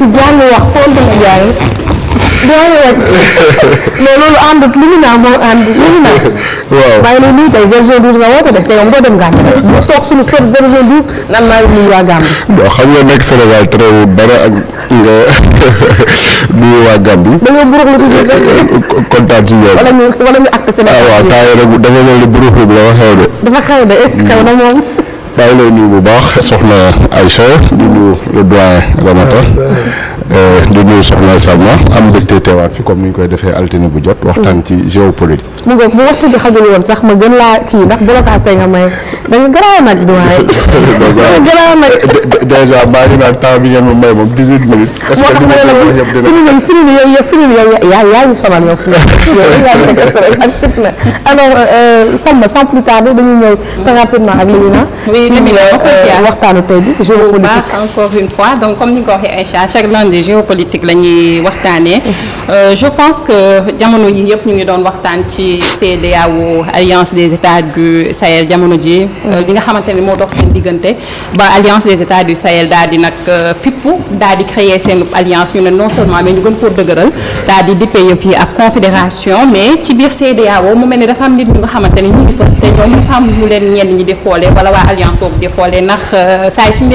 jàng wax tontu la jàng jàng wax mais loolu àndut lu ñu naan moo ànd lu ñu naan. waaw maa ngi lay nuyu tey version 12 nga woote def te yow nga dem Gambie def bu toog suñu seet version 12 nan maa ngi nuyu waa Gambie. bon xam nga nekk Sénégal très dara ak nga nuyu waa Gambie. dañoo burux lu ci biir kontaan ci ñoom. wala ñu wala ñu acte Sénégal. ah waaw temps yii rek dafa mel ni burux la ma xew de. dafa xew de eh, xew na moom. maa ngi lay nuyu bu baax soxna Aïcha di nuyu le doyen Ramata ah, Euh, di nuyu soxna Salma am mbégte teewaat fi comme ni ñu koy defee altine bu jot. waxtaan ci géopolitique. mu ngoog mu waxtu bi xajul woon sax ma gën laa kii ndax blocage tey nga may da nga garaaw nag di waaye. garaaw nag dèjà maa ngi naan temps bi ngeen ma may moom 18 minutes. est ce que li ma koy wax yëpp dina moo tax ma ne la yow firi yow yaa yaa ñu sonal yow firi yow yaa ñu ak fitna alors euh, Salma sans plus tarder dañuy ñëw très rapidement ak Léona. oui Léona euh, waxtaanu tey bi géopolitique. encore une fois donc comme ni ko waxee Aïcha chaque lundi ne géopolitique la ñuy waxtaanee euh, je pense que jamono yi yëpp ñu ngi doon waxtaan ci CEDEAO alliance des états du Sahel jamono ji euh, li nga xamante ne moo dox seen diggante ba alliance des états du Sahel daal di nag euh, fippu daal di créer seen alliance ñu ne non seulement mais ñu gën koo dëgëral daal di dippee yëpp yi ak confédération mais ci biir CEDEAO mu mel ne dafa am nit ñu nga xamante ne ñu ngi fa te ñoom ñu xam ñu leen ñenn ñi di xoolee wala waa alliance boobu di xoolee ndax saa xool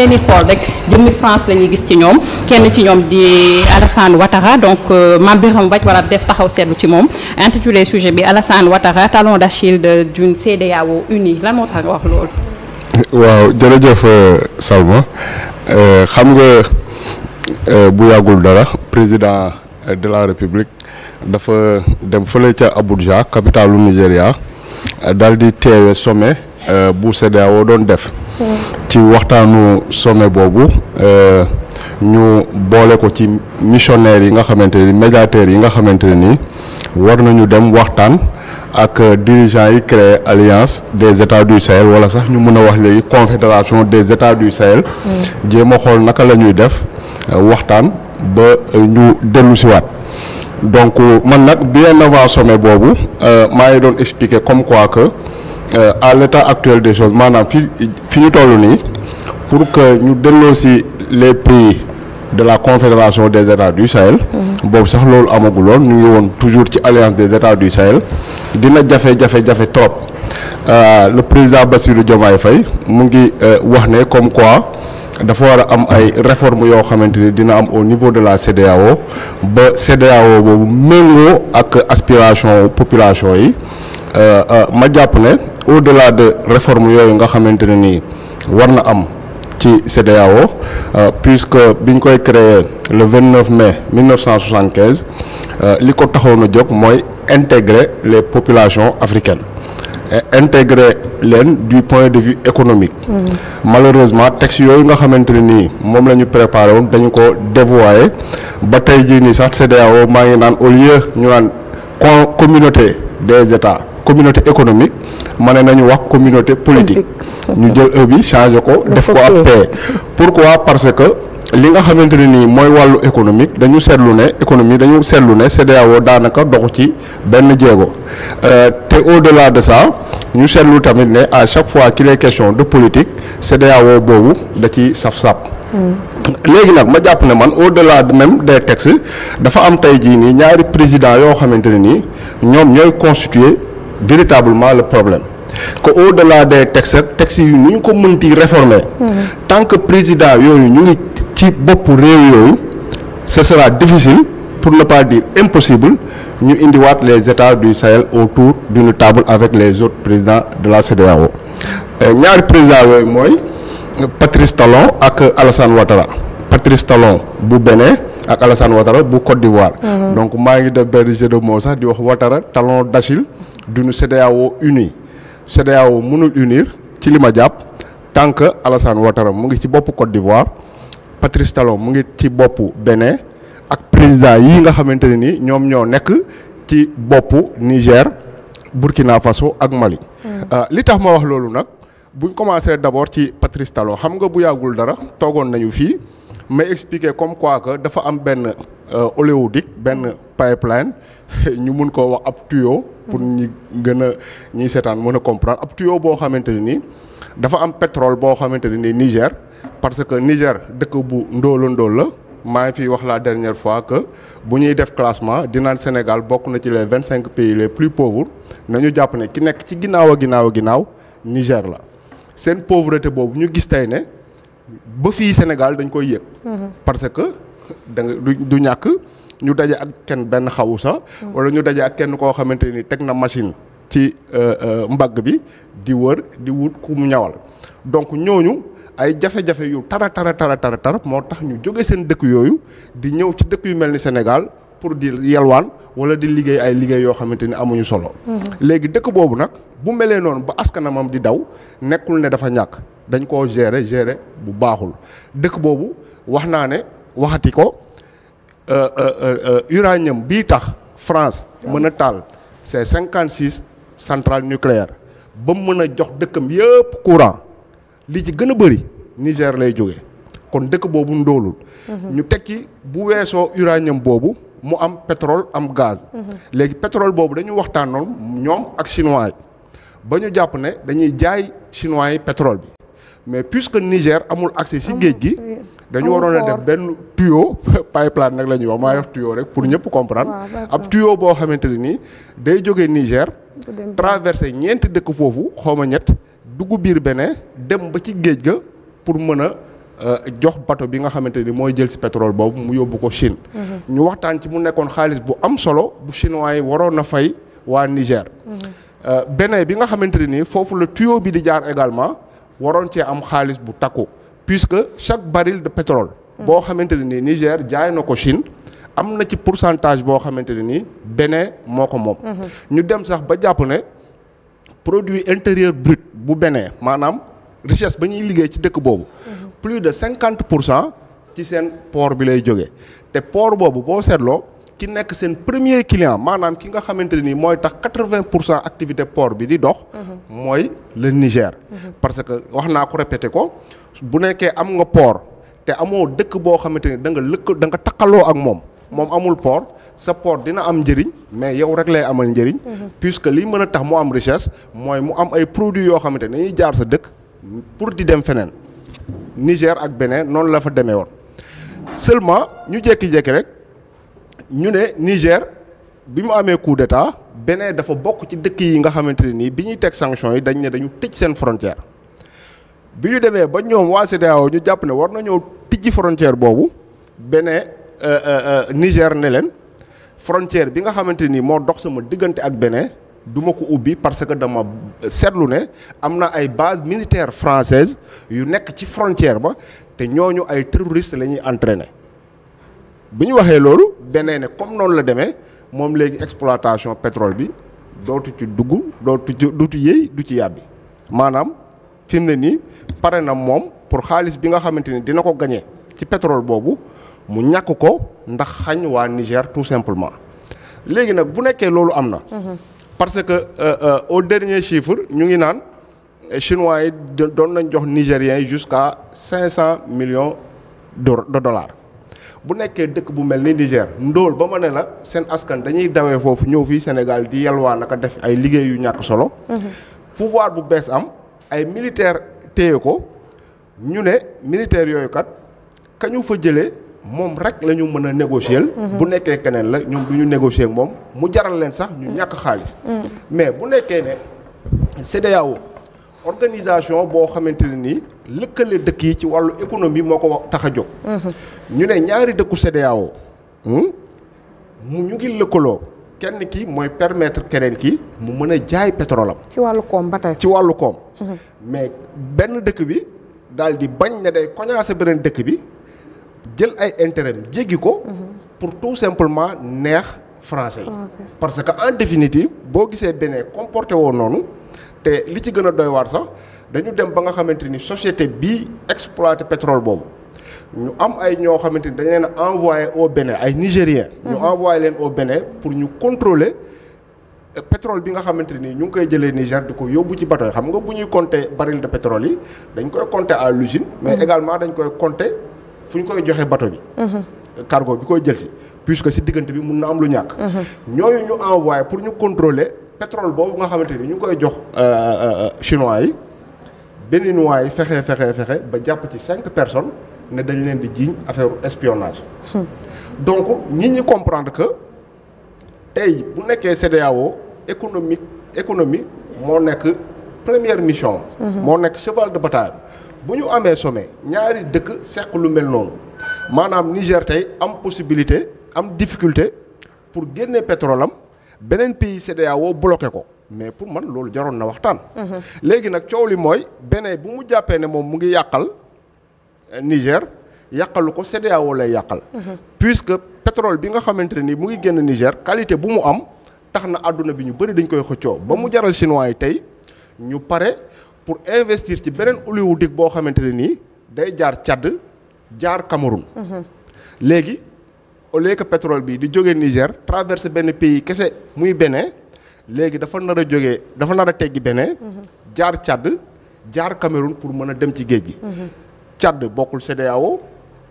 rek jëmmi France gis ci ñoom di Alassane Ouattara donc euh, Mame Birame Wathie wala def taxaw seetlu ci moom intitulé sujet bi Alassane Ouattara talon d'Achille d'une CEDEAO unie lan moo tax nga wax loolu. waaw jërëjëf euh, Salma euh, xam nga bu yàggul dara président de la République dafa dem fële ca Abuja capitalu Nigéria daal di teewe sommet bu CEDEAO doon def. Mm. ci waxtaanu sommet boobu. ñu boole ko ci missionnaires yi nga xamante ni médiateurs yi nga xamante nii war nañu dem waxtaan ak dirigeants yi créé alliance des états du Sahel wala sax ñu mën a wax léegi confédération des états du Sahel. Mm. jéem a xool naka la ñuy def euh, waxtaan ba euh, ñu dellu siwaat donc man nag bien avant sommet boobu euh, maa ngi doon expliquer comme quoi que à l'état actuel des choses maanaam fi fi ñu toll nii. pour que ñu delloo si les pays de la confédération des états du Sahel. Mm-hmm. boobu sax loolu amaguloon ñu ngi woon toujours ci alliance des états du Sahel dina jafe-jafe jafe trop euh, le président Bassirou Diomaye fay mu ngi euh, wax ne comme quoi dafa war a am ay réformes yoo xamante ni dina am au niveau de la CEDEAO ba CEDEAO boobu méngoo ak aspiration population yi euh, ma jàpp ne au la de réformes yooyu nga xamante ne nii war na am. ci CEDEAO bi ñu koy créé le 29 mai 1975 euh, li ko taxoon a jóg mooy intégrer les populations africaines intégrer leen du point de vue économique. Mm. malheureusement texte yooyu nga xamante ne nii moom la ñu préparé woon dañu ko dévoyé ba tey jii nii sax CEDEAO maa ngi naan au lieu ñu naan communauté des états. communauté économique ma ne nañu wax communauté politique ñu jël e bi changé ko def ko ab P pourquoi parce que li nga xamante ne nii mooy wàllu économique dañu seetlu ne économie dañu seetlu ne CEDEAO daanaka dox ci benn jéego euh, te au la de ça ñu seetlu tamit ne à chaque fois qu'il est question de politique CEDEAO boobu da ci saf-saf hmm. léegi nag ma jàpp ne man au-delà de même des textes dafa am tey jii nii ñaari président yoo xamante ne nii ñoom ñooy véritablement la problème que au-delà des textes ak textes yi nu ñu ko mënti réformer tant que président yooyu ñu ngi ci bopp réew yooyu ce sera difficile pour ne pas dire impossible ñu indiwaat les états du Sahel autour d'une table avec les autres présidents de la CEDEAO euh, ñaari présidents yooyu mooy Patrice Talon ak Alassane Ouattara Patrice Talon bu Bénin ak Alassane Ouattara bu Côte d'Ivoire mhm. donc maa ngi def benn jeu de sax di wax Ouattara Talon d'Achille duñu CEDEAO uni CEDEAO mënul unir ci li ma jàpp tant que Alassane Ouattara mu ngi ci boppu Côte d'Ivoire Patrice Talon mu ngi ci boppu bene ak président yi nga xamante ne ni ñoom ñoo nekk ci boppu Niger Burkina Faso ak Mali. Hmm. Euh, li tax ma wax loolu nag buñ commencé d'abord ci Patrice Talon xam nga bu yàggul dara toogoon nañu fii may expliquer comme quoi que dafa am benn euh, oléoduc benn pipeline ñu mun ko wax ab tuyau. pour ñi gën a ñiy seetaan mën a comprendre ab tuyau boo xamante ne nii dafa am petrole boo xamante ne nii Niger parce que Niger dëkk bu ndóolu ndool la maa ngi fiy wax la dernière fois que bu ñuy def classement dinaan Sénégal bokk na ci lee vingt cinq pays les plus pauvres nañu jàpp ne ki nekk ci ginnaaw a ginnaaw a ginnaaw Niger la seen pauvreté boobu ñu gis tey ne ba fii Sénégal dañ koy yëg mhm. parce que du ñàkk ñu daje ak kenn benn xawu sa mm. wala ñu daje ak kenn koo xamante ni teg na machine ci euh, euh, mbagg bi di wër di wut ku ñawal donc ñooñu ay jafe-jafe yu tara tara tara tara tara moo tax ñu jóge seen dëkk yooyu di ñëw ci dëkk yu mel ni Sénégal pour di yalwaan wala di liggéey ay liggéey yoo xamante ni amuñu solo. Mm-hmm. léegi dëkk boobu nag bu melee noonu ba askanamam di daw nekkul ne dafa ñàkk dañ koo gérer gérer bu baaxul dëkk boobu wax naa ne waxati ko. Euh, euh, euh, uranium bii tax France mën a taal c'est cinquante six centrales nucléaires ba mën a jox dëkkam yëpp courant li ci gën a bëri Niger lay jóge kon dëkk boobu ndóolul mhm. ñu tekki bu weesoo uranium boobu mu am pétrole am gaz mhm. léegi pétrole boobu dañu waxtaanoon ñoom ak chinois yi ba ñu jàpp ne dañuy jaay chinois yi pétrole bi mais puisque Niger amul accès si géej gi dañu waroon a def benn tuyau pipeline nag la ñuy wax maa tuyo rek pour ñëpp comprendre ab tuyau boo xamante ne nii day jógee Niger traversé ñeenti dëkk foofu xawma ñett dugg biir bene dem ba ci géej ga pour mën a euh, jox bateau bi nga xamante ni mooy jël si pétrole boobu mu yóbbu ko Chine mhm. ñu waxtaan ci mu nekkoon xaalis bu am solo bu chinois yi waroon na fay waa Niger mhm. euh, Bénin bi nga xamante ne nii foofu la tuyau bi di jaar également waroon cee am xaalis bu takku puisque chaque baril de pétrole. boo xamante ne nii Niger jaay na ko Chine. am na ci pourcentage boo xamante ne nii Bénin moo ko moom. Mhm. ñu dem sax ba jàpp ne produit intérieur brut bu benee maanaam richesse ba ñuy liggéey ci dëkk boobu. Mhm. plus de cinquante pour cent ci seen poor bi lay jóge te port boobu boo seetloo. ki nekk seen premier client maanaam ki nga xamante ne nii mooy tax quatre-vingt pour cent activité port bi di dox. mooy le Niger. parce que wax naa ko répété ko bu nekkee am nga port te amoo dëkk boo xamante ni da nga lëkk da nga takkaloo ak moom. moom amul port sa port dina am njëriñ mais yow rek lay amal njëriñ. puisque lii mën a tax mu am richesse mooy mu am ay produits yoo xamante ne jaar sa dëkk pour di dem feneen. Niger ak Bénin noonu la fa demee woon seulement ñu jékki rek. ñu ne Niger bi mu amee coup d'état Bénin dafa bokk ci dëkk yi nga xamante ne nii bi ñuy teg sanction yi dañ ne dañu tëj seen frontière bi ñu demee ba ñoom waa CEDEAO ñu jàpp ne war na ñëw tijji frontière boobu Bénin euh, euh, euh, Niger ne leen frontière bi nga xamante ni moo dox sama diggante ak Bénin duma ko ubbi parce que dama seetlu ne am na ay base militaire française yu nekk ci frontière ba te ñooñu ay terroristes la ñuy entraîner bi ñu waxee loolu danee ne comme noonu la demee moom léegi exploitation pétrole bi dootu ci dugg dootu ci dootu yëy du ci yàbbi maanaam fi mu ne nii pare na moom pour xaalis bi nga xamante ni dina ko gañee ci pétrole boobu mu ñàkk ko ndax xañ waa Niger tout simplement léegi nag bu nekkee loolu am na mhm. parce que euh, euh, au dernier chiffre ñu ngi naan euh, chinois yi doon nañ jox nigériens yi jusqu'à cinq cent millions de dollars bu nekkee dëkk bu mel ni Niger ndóol ba ma ne la seen askan dañuy dawee foofu ñëw fii Sénégal di yalwaa a def ay liggéeyu yu ñàkk solo. Mhm. pouvoir bu bees am ay militaire téye ko ñu ne militaire yooyu kat ka fa jële moom rek la ñu mën a négocier. Mhm. bu nekkee keneen la ñoom du ñu moom mu jaral leen sax ñu mhm. ñàkk xaalis. mais bu nekkee ne CEDEAO organisation boo xamante ne nii lëkkale dëkk yi ci wàllu économie moo ko tax a jóg. Mhm. ñu ne ñaari dëkku CEDEAO hmm? mu ñu ngi lëkkaloo kenn ki mooy permettre keneen ki mu mën a jaay pétrole ci wàllu koom ba tey. ci wàllu koom. Mhm. mais benn dëkk bi daal di bañ ne day koñaase beneen dëkk bi jël ay intérêt jéggi ko. Mhm. pour tout simplement neex français yi. parce que en définitive boo gisee beneen comporté woo noonu. te li ci gën a doy waar sax dañu dem ba nga xamante ni société bii exploité pétrole boobu ñu am ay ñoo xamante ni dañ leen a envoyé au Bénin ay Nigériens. ñu mhm. envoyé leen au Bénin pour ñu contrôler euh, pétrole bi nga xamante ni ñu ngi koy jëlee Niger di ko yóbbu ci bato yi xam nga bu ñuy compter baril de pétrole yi dañ koy compter à l'usine mais mhm. également dañ koy compter fu ñu koy joxe bato bi. Mhm. cargo bi koy jël si puisque si diggante bi mun na am lu ñàkk. ñooñu ñu envoyé pétrole boobu nga xamante ni ñu ngi koy jox euh, euh, euh, chinois yi béninois yi fexe fexe ba jàpp ci cinq personnes ne dañ leen di jiiñ affaire espionnage. Hmm. donc ñi ñi comprendre que tey bu nekkee CEDEAO économique économie moo nekk première mission. Hmm. moo nekk cheval de bataille bu ñu amee sommet ñaari dëkk seq lu mel noonu maanaam Niger tey am possibilité am difficulté pour génne pétrole beneen pays CEDEAO bloqué ko mais pour man loolu jaroon na waxtaan. léegi nag coow li mooy beneen bu mu jàppee ne moom mu ngi yàqal eh, Niger yàqalu ko CEDEAO lay yàqal. puisque pétrole bi nga xamante ne nii mu ngi génn Niger qualité bu mu am tax na àdduna bi ñu bëri dañ koy xëccoo ba mu jaral chinois yi tey ñu pare pour investir ci beneen oléoduc boo xamante ne nii day jaar càdd jaar Cameroun. Mhm. léegi au lieu que pétrole bi di jógee Niger traversé benn pays kese muy Bénin léegi dafa nar a jógee dafa nar a teggi Bénin jaar Tchad jaar Cameroun pour mën a dem ci géej gi. Tchad bokkul CEDEAO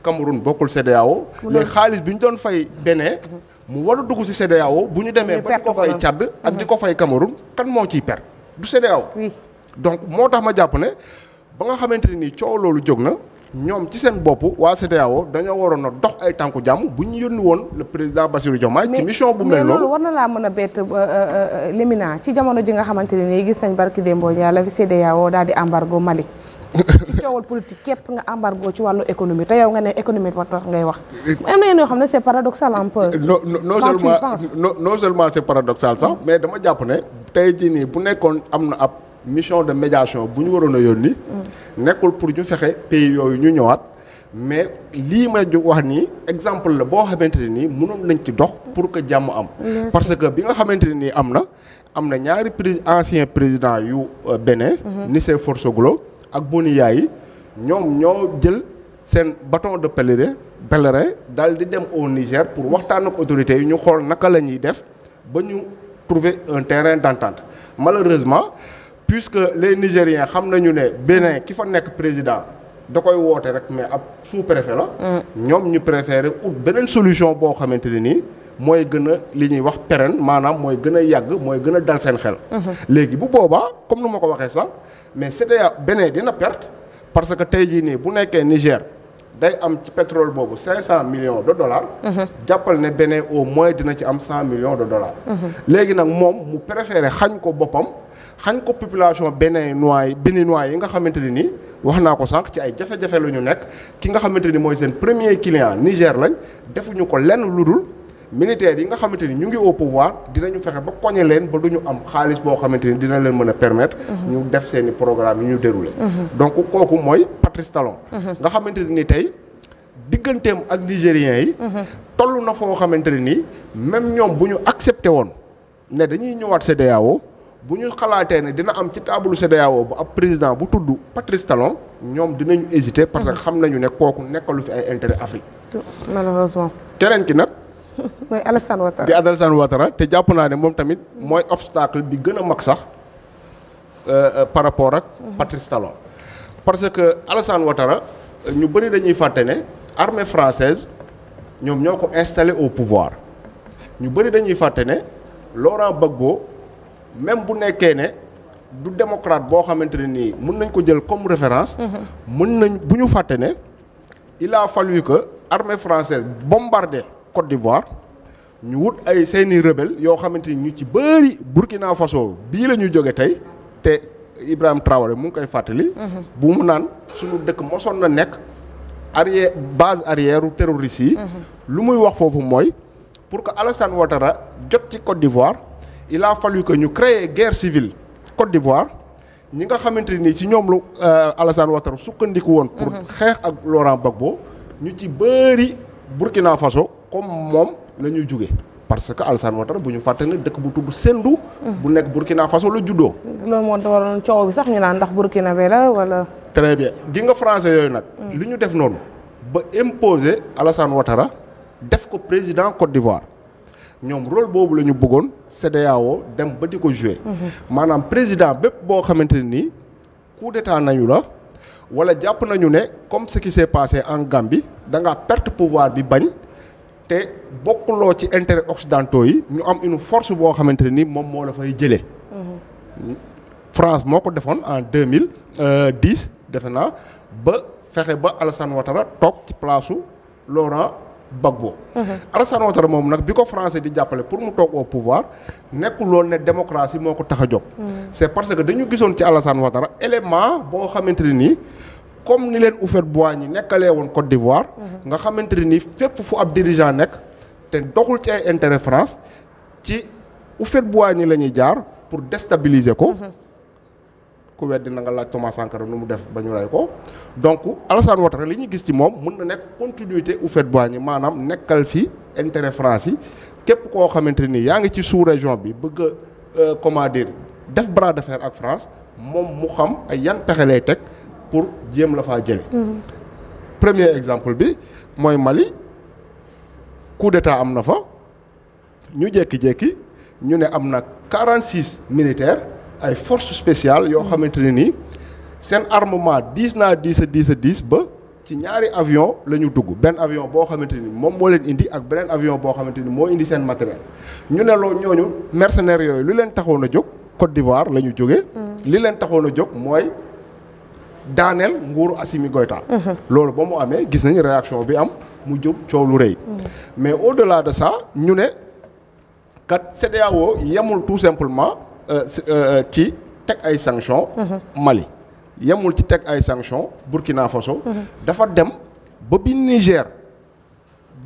Cameroun bokkul CEDEAO. léegi xaalis bi ñu doon fay Bénin. mu war a dugg ci CEDEAO bu ñu demee ba di ko fay Tchad ak di ko fay Cameroun kan moo ciy per du CEDEAO. donc moo tax ma jàpp ne ba nga xamante ne nii coow loolu jóg na. ñoom ci seen bopp waa CEDEAO dañoo waroon na dox ay tànku jàmm bu ñu yónni woon le président Bassirou Diomaye ci mission bu mel noonu war laa mën a bett euh, euh, euh, Lemina ci jamono ji nga xamante ne nii gis nañ barki démboo ñaa la fi CEDEAO daal di embargo Mali ci coowal képp nga embargo ci wàllu économie te yow nga ne économie war tax ngay wax am na yenn yoo xam ne c'est paradoxal un peu non non seulement non seulement c'est paradoxal sax mm. mais dama jàpp ne tey ji nii bu nekkoon am na ab mission de médiation bu ñu waroon a yónni nekkul pour ñu fexe pays yooyu ñu ñëwaat mais lii ma wax nii exemple la boo xamante ne nii mënoon nañ ci dox pour que jàmm am parce que bi nga xamante ne nii am na am na ñaari pré ancien président yu euh, Bénin mhm. Nicéphore Soglo ak Boniya yi ñoom ñoo jël seen baton de pèlerin pèlerin daal di dem au Niger pour waxtaan ak autorités yi ñu xool naka la ñuy def ba ñu trouver un terrain d'entente malheureusement puisque les Nigériens xam nañu ne Bénin ki fa nekk président da koy woote rek mais ab sous-préfet la. ñoom ñu préféré ut beneen solution boo xamante ne nii mooy gën a li ñuy wax pérenne maanaam mooy gën a yàgg mooy gën a dal seen xel. léegi bu boobaa comme nu ma ko waxee sax mais CEDEAO Bénin dina perte parce que tey jii nii bu nekkee Niger. day am ci pétrole boobu cinq cent million de dollars jàppal ne beneen au moins dina ci am cent millions de dollars léegi nag moom mu préféré xañ ko boppam xan ko population béninois béninois yi nga xamante ne ni wax naa ko sànq ci ay jafe-jafe la ñu nekk ki nga xamante ni mooy seen premier client Niger lañ defuñu ko lenn lu dul militaires yi nga xamante ni ñu ngi au pouvoir dinañu fexe ba koñe leen ba ñu am xaalis boo xamante ni dina leen mën a permettre. Mhm. ñu def seeni programme yi ñu déroulé. Mhm. donc kooku mooy Patrice Talon. Mhm. nga xamante nii tey digganteem ak nigériens yi. toll na foo xamante ne nii même ñoom bu ñu accepté woon ne dañuy ñëwaat CEDEAO bu ñu xalaatee ne dina am ci taabalu CEDEAO bu ab président bu tudd Patrice Talon ñoom dinañu hésiter parce que mhm. xam nañu ne kooku nekkalu fi ay intérêt Afrique. malheureusement. keneen ki nag. mooy Alassane Ouattara di Alassane Ouattara te jàpp naa ne moom tamit mhm. mooy obstacle bi gën a mag sax euh, euh, par rapport ak. Mhm. Patrice Talon parce que Alassane Ouattara ñu bëri dañuy fàtte ne armée française ñoom ñoo ko installé au pouvoir ñu bëri dañuy fàtte ne Laurent Gbagbo. même bu nekkee ne du démocrate boo xamante ne nii mën nañ ko jël comme référence. Mm-hmm. mën nañ bu ñu fàtte ne il a fallu que armée française bombardé d'Ivoire ñu wut ay seeni rebelle yoo xamante ni ñu ci bëri Burkina Faso bii la ñuy jóge tey te Ibrahima Traoré mu ngi koy fàttali. Mm-hmm. bu mu naan suñu dëkk mosoon nekk arrière base arrière u terroriste yi. Mm-hmm. lu muy wax foofu mooy pour que Alassane Ouattara jot ci Côte d'Ivoire. il a fallu que ñu créer guerre civile Côte d'Ivoire ñi nga xamante nii ci ñoom lu euh, Alassane Ouattara sukkandiku woon. pour mhm. xeex ak Laurent Gbagbo ñu ci bëri Burkina Faso comme moom la ñuy jugee. parce que Alassane Ouattara bu ñu fàtte ne dëkk bu tudd Sendou. Mhm. bu nekk Burkina Faso la juddoo. loolu moo waroon coow bi sax ñu naa ndax Burkina be la wala. très bien di nga français yooyu nag. Mm. li ñu def noonu ba imposer Alassane Ouattara def ko président Côte d'Ivoire. ñoom role boobu la ñu bëggoon CEDEAO dem ba di ko jouer mhm. maanaam président bépp boo xamante ne nii coup d'état nañu la wala jàpp nañu ne comme ce qui s'est passé en Gambie da nga perte pouvoir bi bañ te bokk loo ci intérêt occidentaux yi ñu am une force boo xamante ne ni moom moo la fay jële mhm. France moo ko defoon en deux mille euh, dix defe naa ba fexe ba Alassane Ouattara toog ci place su Laurent Gbagbo. Mhm. Alassane Ouattara moom nag bi ko français di jàppale pour mu toog au pouvoir nekkul loolu ne démocratie moo ko tax a jox mhm. c' parce que dañu gisoon ci Alassane Ouattara élément boo xamante ne nii comme ni leen Houphouët-Boigny nekkalee woon Côte d'Ivoire. Mhm. nga xamante ne nii fépp fu ab dirigeant nekk te doxul ci ay intérêt France ci Houphouët-Boigny la ñuy jaar pour déstabiliser ko. ku weddi na nga laaj Thomas Sankara nu mu def ba ñu rey ko donc Alassane Ouattara li ñu gis ci moom mën na nekk continuité Houphouët-Boigny maanaam nekkal fi intérêt France yi képp koo xamante ni yaa ngi ci sous région bi bëgg a euh, comment def bras de fer ak France moom mu xam a yan pexe lay teg pour jéem la faa jële mm-hmm. premier exemple bi mooy Mali coup d'état am na fa ñu jékki-jékki ñu ne am na 46 militaires. ay force spéciale yoo xamante ne nii seen armement diis naa diis a diis a diis ba ci ñaari avion la ñu dugg benn avion boo xamante ni moom moo leen indi ak beneen avion boo xamante ni moo indi seen matériel ñu ne loo ñooñu mercenaires yooyu li leen taxoon a jóg Côte d'Ivoire la ñu jógee mm. li leen taxoon a jóg mooy daaneel nguuru Assimi Goïta mm-hmm. loolu ba mu amee gis nañu réaction bi am mu jub coow lu rëy mm. mais au delà de ça ñu ne kat CEDEAO yemul tout simplement ci euh, euh, euh, teg ay sanctions. Mhm. Mali yemul ci teg ay sanctions Burkina Faso. Mhm. dafa dem ba bi Niger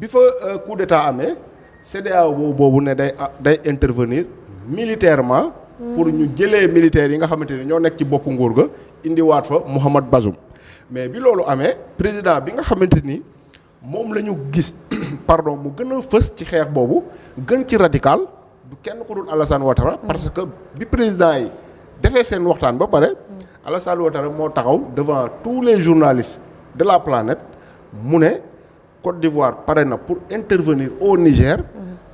bi fa coup d'état amee CEDEAO boobu boobu ne day ah, day intervenir militairement. Mhm. pour ñu jëlee militaires yi nga xamante ni ñoo nekk ci boppu nguur ga indiwaat fa Mohamed Bazoum mais bi loolu amee président bi nga xamante ni moom la ñu gis pardon mu gën a fës ci xeex boobu gën ci radical. du kenn ku dul Alassane Ouattara parce que bi président yi defee seen waxtaan ba pare Alassane Ouattara moo taxaw devant tous les journalistes de la planète mu ne Côte d'Ivoire pare na pour intervenir au Niger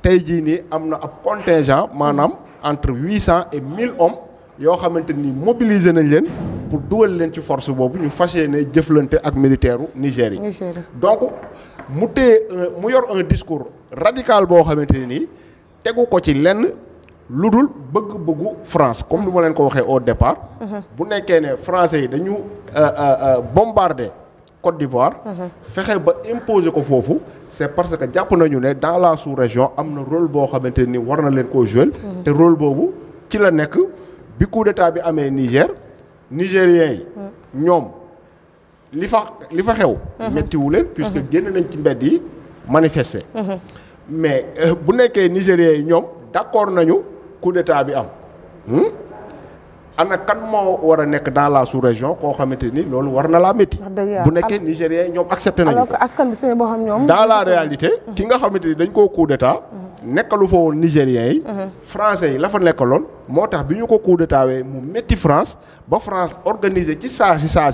tey jii nii am na ab contingent maanaam entre huit cent et mille hommes yoo xamante ni mobiliser nañ leen pour dugal leen ci force boobu ñu fas ne jëflante ak militaire u Niger yi donc mu téye mu yor un discours radical boo xamante ni tegu ko ci lenn lu dul bëgg-bëggu France comme ni ma leen ko waxee au départ. Mhm. bu nekkee ne français yi dañu euh, euh, euh, bombarder Côte d'Ivoire. Mhm. fexe ba imposer ko foofu. c'est parce que jàpp nañu ne dans la sous-région am na rôle boo xamante ni war na leen koo jouer. Mhm. te role boobu ci la nekk bi coup d'état bi amee Niger. Nigériens yi. ñoom li fa li fa xew. mettiwu leen. puisque génn nañ ci mbedd yi manifester. mais euh, bu nekkee nigériens yi ñoom d'accord nañu coup d'état bi am hmm? ana kan moo war a nekk dans la sous-région koo xamante ni loolu war na laa métti bu nekkee nigériens yi ñoom accepté nañu ko alors que askan bi boo xam ñoom dans la réalité hmm. ki nga xamante ni dañ koo coup d'état hmm. nekkalu fa woon nigériens yi. Mhm. français yi la fa nekkaloon. moo tax bi ñu ko coup d'état wee mu métti France ba France organiser ci saa si saa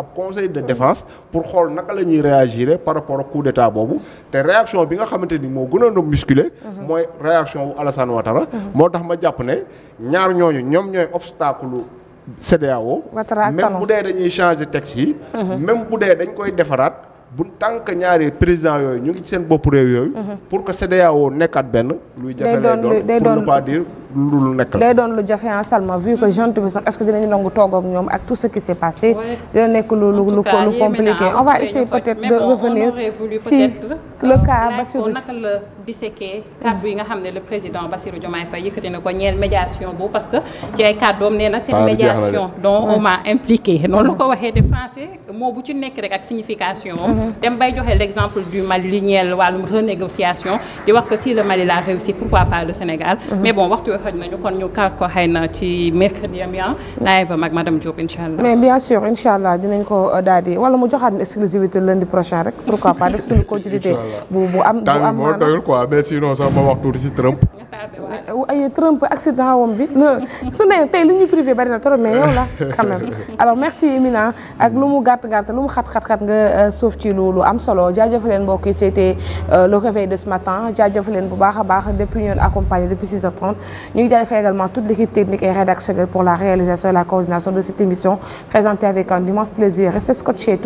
ab conseil de défense pour xool naka la ñuy réagir par rapport ak coup d'état boobu te réaction bi nga xamante ni moo gënoon a muscler. Mhm. mooy réaction wu Alassane Ouattara. Mhm. moo tax ma jàpp ne ñaar ñooñu ñoom ñooy obstacle. CEDEAO même bu dee dañuy changer tex yi. même bu dee dañ koy defaraat. bu tant que ñaari président yooyu ñu ngi ci seen bopp réew yooyu. Mhm. pour que CEDEAO nekkaat benn. luy jafe lay doon pour ne pas lu lu nekk la. day doon lu jafe en ah, Salma vu que jant bi sax est-ce que dinañu nangu toog ak ñoom ak tout ce qui s'est passé. dina nekk lu lu lu compliqué ah, on va peut-être de revenir si le cas Bassirou. naka la disséquer kàddu yi nga xam ne le président Bassirou Diomaye Faye yëkkati na ko ñeel médiation boobu parce que ci ay kàddoom nee na c'est médiation dont on m'a impliqué noonu la ko waxee de français moo bu ci nekk rek ak signification mm-hmm. dem bay joxe l'exemple du xëj nañu kon ñu kaat ko xëy na ci mercredi am yaa live am ak madame Diop incha allah. mais bien sûr incha allah dinañ ko euh, daal di wala mu joxaat une exclusivité lundi prochain rek pourquoi pas def suñu continuité. bu bu am bu am maanaam tàng moo doyul quoi sax ma wax tuuti ci Trump. ay Trump accident wam bi su ne tey li ñu privé bari na trop yow la quand alors merci Emina ak lu mu gàtt gàtt lu mu xat xat xat nga euh, suuf lu lu am solo jaajëfaleen mbokk yi c'était euh, le réveil de ce matin jaajëfaleen bu baax a baax depuis ñoon accompagné depuis 6h30 ñu ngi également toute l'équipe technique et rédactionnelle pour la réalisation et la coordination de cette émission présentée avec un immense plaisir restez scotchés